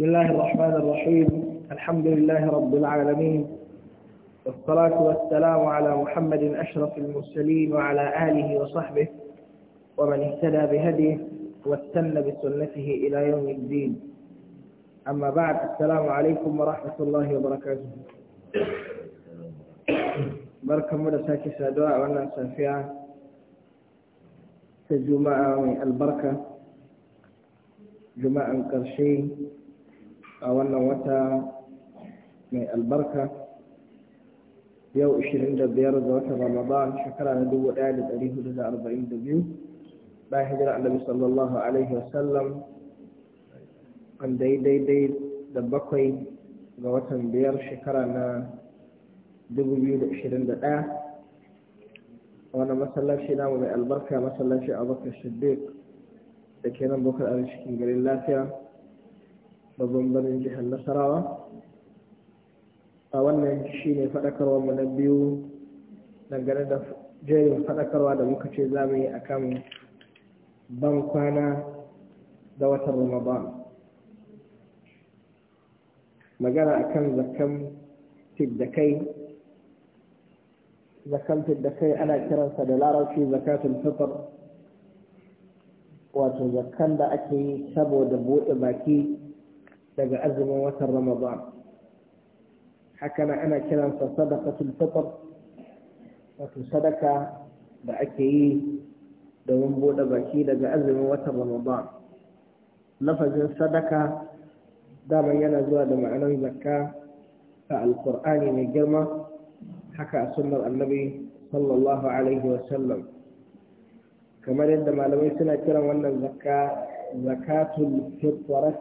بسم الله الرحمن الرحيم الحمد لله رب العالمين والصلاة والسلام على محمد أشرف المرسلين وعلى آله وصحبه ومن اهتدى بهديه واستنى بسنته إلى يوم الدين أما بعد السلام عليكم ورحمة الله وبركاته بركة مدساك دعاء وانا سافيا تجمع البركة جماعة قرشين a wannan wata mai albarka yau 25 ga watan ramadan shekara na 1442 bayan hijira annabi sallallahu alaihi wasallam wanda ya daidai da bakwai ga watan biyar shekara na 2021 wani masallaci namu mai albarka masallaci abubakar shiddiq da ke nan bukar arzikin garin lafiya babban birnin jihar nasarawa a wannan shine faɗakarwa mu na biyu dangane da jerin faɗakarwa da muka ce za mu yi a kan ban kwana da watan ramadan magana akan zakan fiddakai zakan fiddakai ana kiransa da larabci zakatun fitr wato zakan da ake yi saboda buɗe baki daga azumin watan ramadan haka na, ana kiransa sadaqatul fitr wato sadaka da ake yi domin buɗe baki daga azumin watan ramadan lafazin sadaka daman yana zuwa da ma'anar zakka a alkur'ani mai girma haka a sunnar annabi sallallahu alaihi wasallam kamar yadda malamai suna kiran wannan zakka zakatul fitrat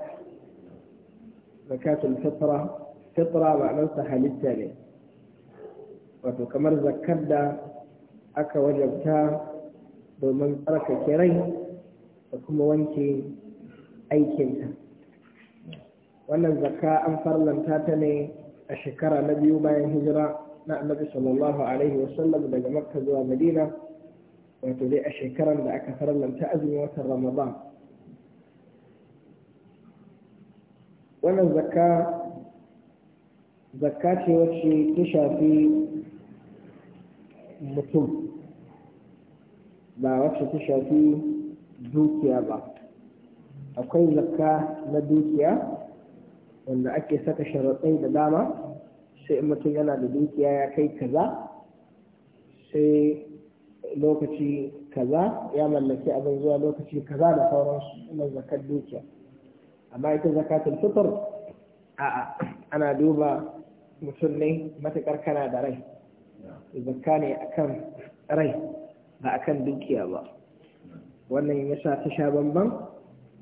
zakatul fitra fitra ma'anarsa halitta ne wato kamar zakar da aka wajabta domin tsarkake rai da kuma wanke aikinta wannan zakka an farlanta ta ne a shekara na biyu bayan hijira na annabi sallallahu alaihi wasallam daga makka zuwa madina wato dai a shekaran da aka farlanta azumin watan ramadan wannan zakka zakka ce wacce ta shafi mutum ba wacce ta shafi dukiya ba akwai zakka na dukiya wanda ake saka sharaɗai da dama sai in mutum yana da dukiya ya kai kaza sai lokaci kaza ya mallaki abin zuwa lokaci kaza da sauransu na zakar dukiya amma ita zakatun fitr a'a ana duba mutum ne matakar kana da rai zaka ne akan rai ba akan dukiya ba wannan ya sa ta sha bamban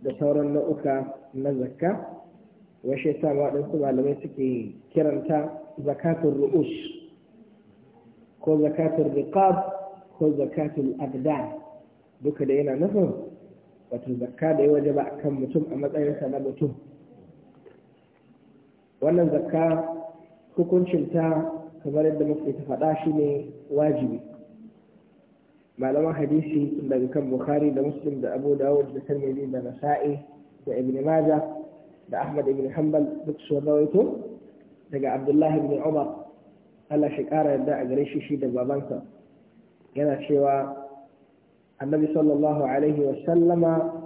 da sauran nau'uka na zakka washe sa waɗansu malamai suke kiranta zakatun ru'us ko zakatun riqab ko zakatun abdan duka da yana nufin wato zakka da ya waje ba kan mutum a matsayinsa na mutum wannan zakka hukuncinta kamar yadda muke ta faɗa shi ne wajibi malaman hadisi daga kan bukhari da muslim da abu dawud da tirmidhi da nasa'i da ibn maja da ahmad ibn hanbal duk su rawaito daga abdullah ibn umar Allah shi kara yadda a gare shi shi da babansa yana cewa annabi sallallahu alaihi wa sallama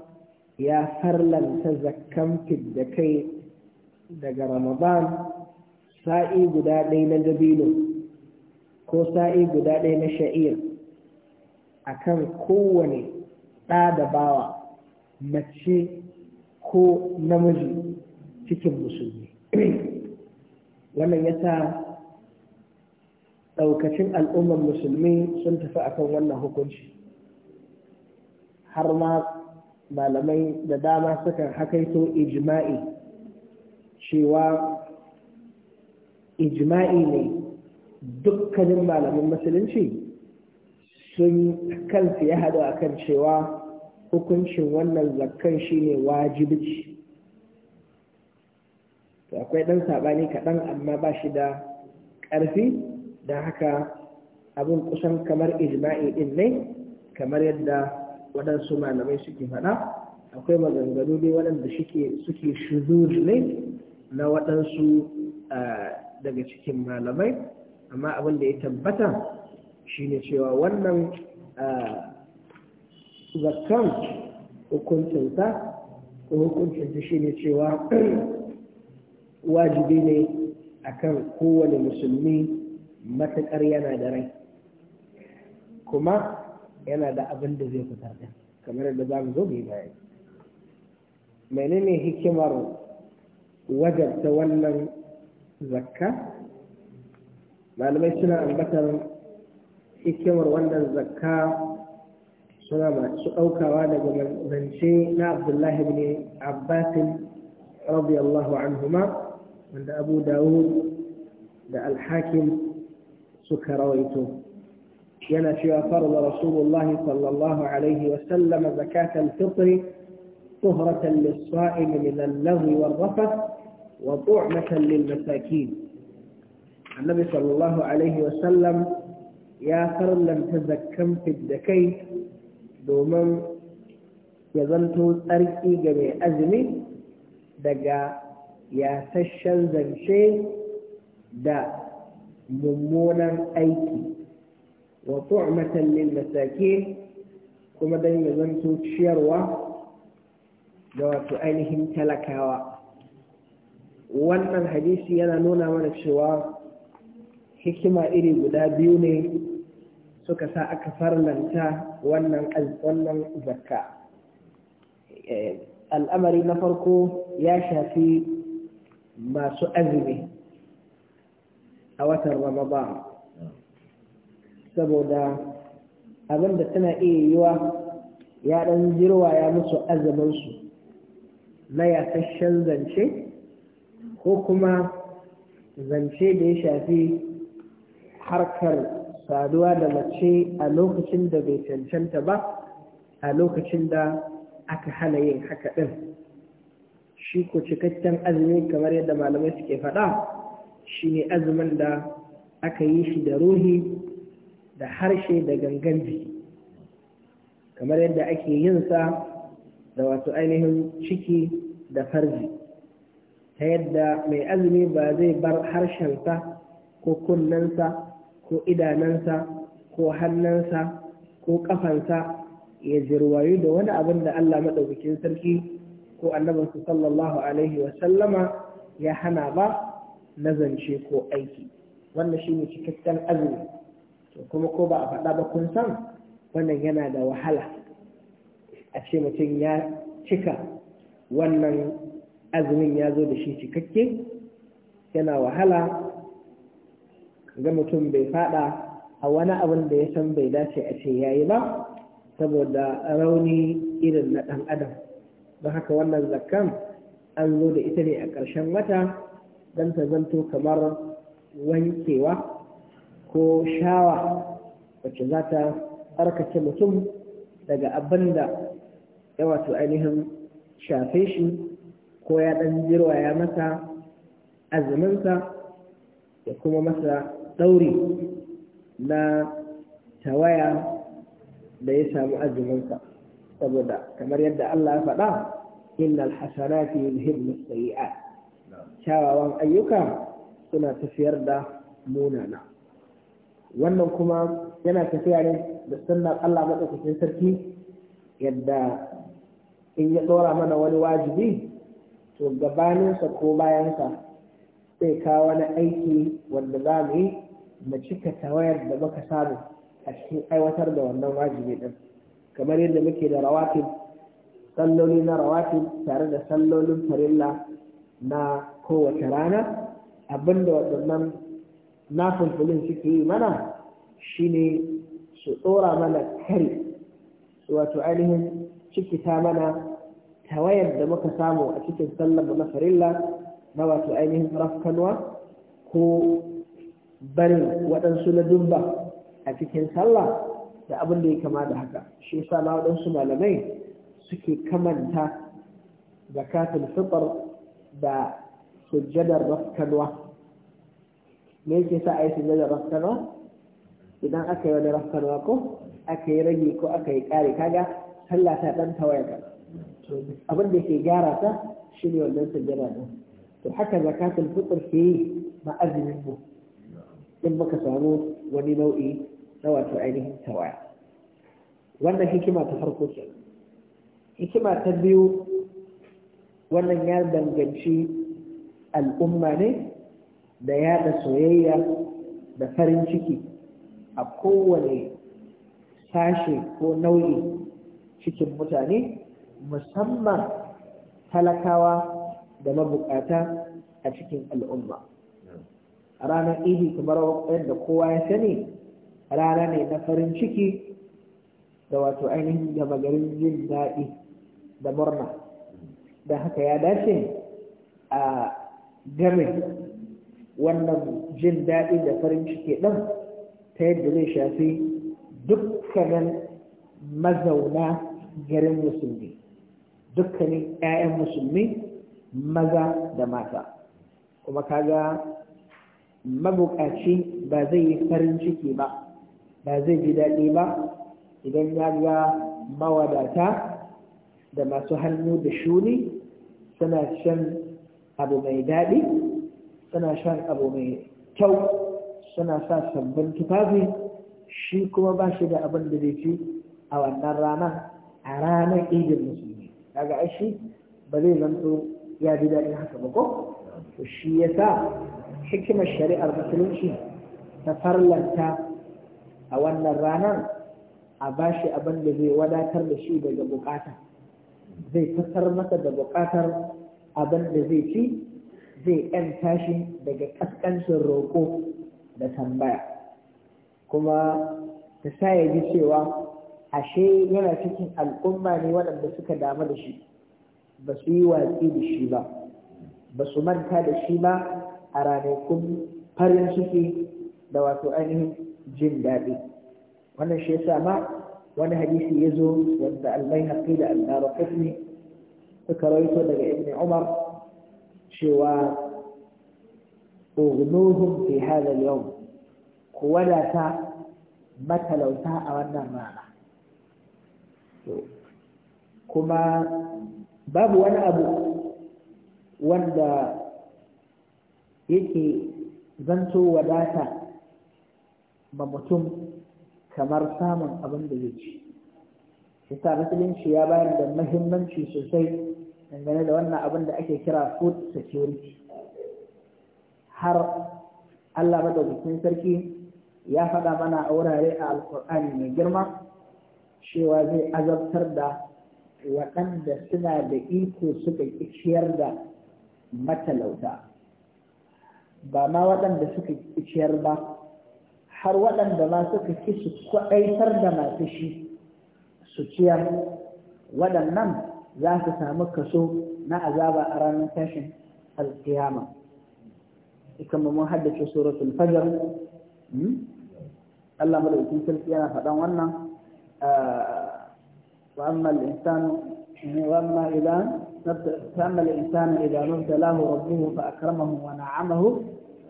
ya farlanta zakkan da kai daga ramadan sa'i guda ɗaya na dabino ko sa'i guda ɗaya na sha'ir akan kowane ɗa da bawa mace ko namiji cikin musulmi wannan ya sa ɗaukacin al'ummar musulmi sun tafi akan wannan hukunci har ma malamai da dama sukan hakaito ijma'i cewa ijma'i ne dukkanin malamin musulunci sun kansu ya haɗu a kan cewa hukuncin wannan zakkan shine wajibi to akwai ɗan saɓani kaɗan amma ba shi da ƙarfi da haka abin kusan kamar ijma'i ɗin ne kamar yadda waɗansu malamai suke faɗa akwai maganganu ne waɗanda suke shuzuri ne na waɗansu daga cikin malamai amma abin da ya tabbata shine cewa wannan zakkan hukuncinsa ko hukuncinta shine cewa wajibi ne a kan kowane musulmi matuƙar yana da rai kuma yana da abin da zai fitar da kamar yadda za mu zo mu baya. menene hikimar wajabta wannan zakka malamai suna ambatar hikimar wannan zakka suna masu ɗaukawa daga zance na abdullahi bin abbasin radiyallahu anhuma wanda abu dawud da alhakim suka rawaito Yana cewa farla Rasulullah sallallahu Alaihi wasallama zakatan fitri, tuhratan lissa’i min lallari wa rafa, wa tu’matan lilmataki. Annabi sallallahu Alaihi wasallam ya farlanta zakan kai domin ya tsarki ga mai azumi daga yasashen zance da mummunan aiki. wa tu'matan lil masakin kuma dan ya zanto ciyarwa da wato ainihin talakawa wannan hadisi yana nuna mana cewa hikima iri guda biyu ne suka sa aka farlanta wannan wannan eh, al'amari na farko ya shafi masu azumi a watan ramadan saboda abin da tana iya yiwa ya ɗan jirwa ya musu azabansu na yasashen zance ko kuma zance da ya shafi harkar saduwa da mace a lokacin da bai cancanta ba a lokacin da aka hana yin haka ɗin shi ko cikakken azumi kamar yadda malamai suke faɗa shi ne azumin da aka yi shi da ruhi da harshe da gangan jiki kamar yadda ake yin sa da wato ainihin ciki da farji ta yadda mai azumi ba zai bar harshen sa, ko kunnensa ko idanensa, ko hannunsa ko kafansa ya jirwayu da wani abin da Allah maɗaukakin sarki ko annabinsu sallallahu alaihi wa sallama ya hana ba na zance ko aiki wannan shine cikakken azumi to kuma ko ba a faɗa ba kun san wannan yana da wahala a ce mutum ya cika wannan azumin ya zo da shi cikakke yana wahala ga mutum bai faɗa a wani abin da ya san bai dace a ce ya yi ba saboda rauni irin na ɗan adam don haka wannan zakkan an zo da ita ne a ƙarshen wata don ta zanto kamar wankewa ko shawa wacce za ta tsarkake mutum daga abin da ya wato ainihin shafe shi ko ya ɗan jirwaya masa azuminsa da kuma masa ɗauri na tawaya da ya samu azuminsa saboda kamar yadda Allah ya faɗa innal hasanati yuzhibna sayi'at kyawawan ayyuka suna tafiyar da munana wannan kuma yana tafiya ne da sunnar Allah maɗaukakin sarki yadda in ya ɗora mana wani wajibi to gabaninsa ko bayansa sai kawo wani aiki wanda za mu yi mu cika tawayar da muka samu a cikin aiwatar da wannan wajibi ɗin kamar yadda muke da rawatib salloli na rawatib tare da sallolin farilla na kowace rana abinda waɗannan na fulfulin suke yi mana shine su tsora mana kari wato ainihin cikita mana tawayar da muka samu a cikin sallar na farilla na wato ainihin rafkanwa ko barin waɗansu na dumba a cikin sallah da abin da ya kama da haka shi yasa ma waɗansu malamai suke kamanta da kafin fitar da sujjadar rafkanwa me yake sa a yi da rafkarwa idan aka yi wani rafkarwa ko aka yi rage ko aka yi ƙari kaga sallah ta ɗan tawaya ka abin da ke gyara ta shi ne wannan sujjada ɗin to haka zakatul fitr ke yi ma azumin mu in muka samu wani nau'i na wato ainihin tawaya wannan hikima ta farko ce hikima ta biyu wannan ya danganci al'umma ne da yada soyayya da farin ciki a kowane sashe ko nauyi cikin mutane musamman talakawa da mabukata a cikin al'umma ranar idi kamar yadda kowa ya sani rana ne na farin ciki da wato ainihin da garin yin daɗi da murna da haka ya dace a gare. wannan jin daɗi da farin ciki ɗin ta yadda zai shafi dukkanin mazauna garin musulmi dukkanin 'ya'yan musulmi maza da mata kuma kaga mabukaci ba zai yi farin ciki ba ba zai ji daɗi ba idan ya ga mawadata da masu hannu da shuni suna shan abu mai daɗi suna shan abu mai kyau suna sa sabbin tufafi shi kuma ba shi da abin da zai ci a wannan rana a ranar idin musulmi daga shi ba zai zanto ya ji daɗin haka ba ko to shi ya sa hikimar shari'ar musulunci ta farlanta a wannan ranar a ba shi abin da zai wadatar da shi daga bukata zai fitar masa da bukatar abin da zai ci zai ‘yanta tashi daga ƙasƙancin roƙo da tambaya kuma ta sa ya ji cewa ashe yana cikin al'umma ne waɗanda suka damu da shi ba su yi watsi da shi ba ba su manta da shi ba a ranakun farin ciki da wato ainihin jin daɗi wannan shi yasa ma wani hadisi ya zo wanda albai haƙi da ne suka rawaito daga ibn umar cewa Ogunohun fi hada yau ku wadata matalauta a wannan rana kuma babu wani abu wanda yake zanto wadata ba mutum kamar samun abin da ya ci. Isa musulunci ya bayar da mahimmanci sosai dangane da wannan abin da ake kira food security har Allah madaukakin sarki ya faɗa mana a wurare a alkur'ani mai girma cewa zai azabtar da waɗanda suna da iko suka ciyar da matalauta ba ma waɗanda suka ciyar ba har waɗanda ma suka ki su kwaɗaitar da masu shi su ciyar waɗannan za su samu kaso na azaba a ranar tashin alkiyama ikan mun haddace suratul fajr Allah madaukakin sarki yana faɗan wannan wa amma al-insanu وأما إذا فأما الإنسان إذا ما ابتلاه ربه فأكرمه ونعمه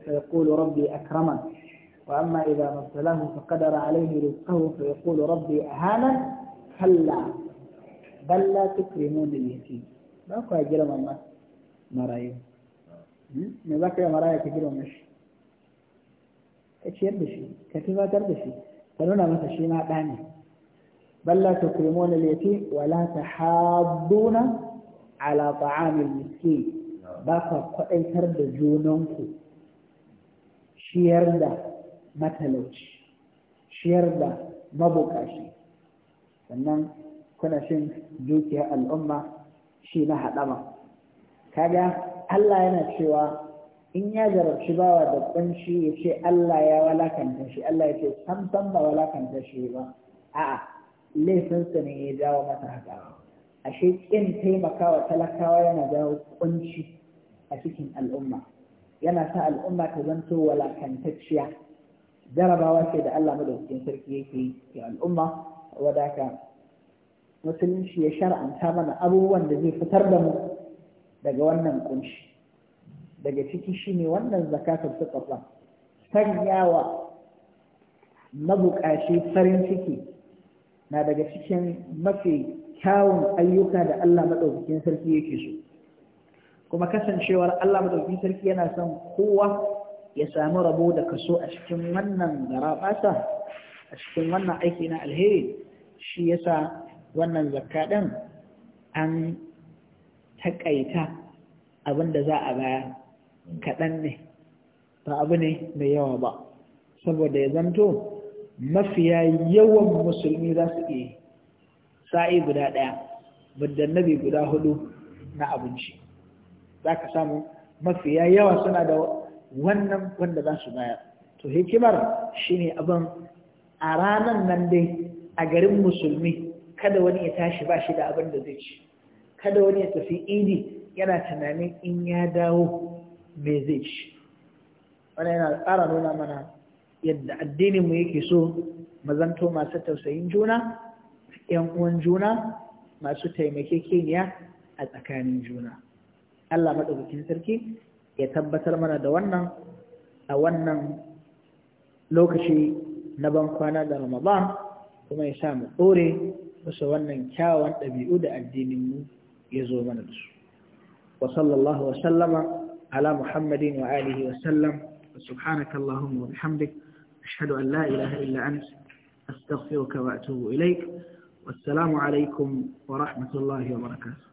فيقول ربي أكرمن وأما إذا ما ابتلاه فقدر عليه رزقه فيقول ربي أهانن كلا balla tukrimu da yake ba ku girmama marayu hmm? me za ka yi maraya ka girmama shi ka ciyar da shi ka tunatar da shi ka nuna masa shi ma ɗa ne balla tukrimu da yake wala tahadduna ala ta'amil miskin ba ka kwaɗaitar da junanku ciyar da matalauci ciyar da mabukashi sannan kuna shin dukiyar al'umma shi na haɗama kaga Allah yana cewa in ya jarabci bawa da kunshi ya ce Allah ya walakanta shi Allah ya ce sam ba walakanta shi ba a'a laifin ne ya jawo mata haka ashe kin taimakawa talakawa yana jawo kunci a cikin al'umma yana sa al'umma ta zanto walakantacciya jarabawa ce da Allah madaukakin sarki yake yi al'umma wadaka musulunci ya shar'anta mana abubuwan da zai fitar da mu daga wannan kunshi daga ciki shine wannan zakatul sanya wa mabukashi farin ciki na daga cikin mafi kyawun ayyuka da Allah madaukakin sarki yake so kuma kasancewar Allah madaukakin sarki yana son kowa ya samu rabo da kaso a cikin wannan garaɓasa a cikin wannan aiki na alheri shi yasa wannan zakka ɗin an taƙaita abin da za a bayar kaɗan ne ba abu ne mai yawa ba saboda ya zanto mafiya yawan musulmi za su iya sa'i guda ɗaya nabi guda hudu na abinci za ka samu mafiya yawa suna da wannan wanda za su bayar to hikimar shine abin a ranar nan dai a garin musulmi kada wani ya tashi ba shi da abin da zai ci kada wani ya tafi idi yana tunanin in ya dawo me zai ci Wani yana tsara nuna mana yadda addininmu yake so mazanto masu tausayin juna yan uwan juna masu taimakekeniya a tsakanin juna Allah maɗaukakin sarki ya tabbatar mana da wannan a wannan lokaci na ban kwana da Ramadan kuma ya sa mu tsore bisa wannan kyawawan ɗabi'u da addininmu ya zo mana da su wa sallallahu wa sallama ala muhammadin wa alihi wa sallam wa subhanaka allahumma wa bihamdik ashhadu an la illa ant astaghfiruka wa atubu ilaik wassalamu alaikum wa rahmatullahi wa barakatuh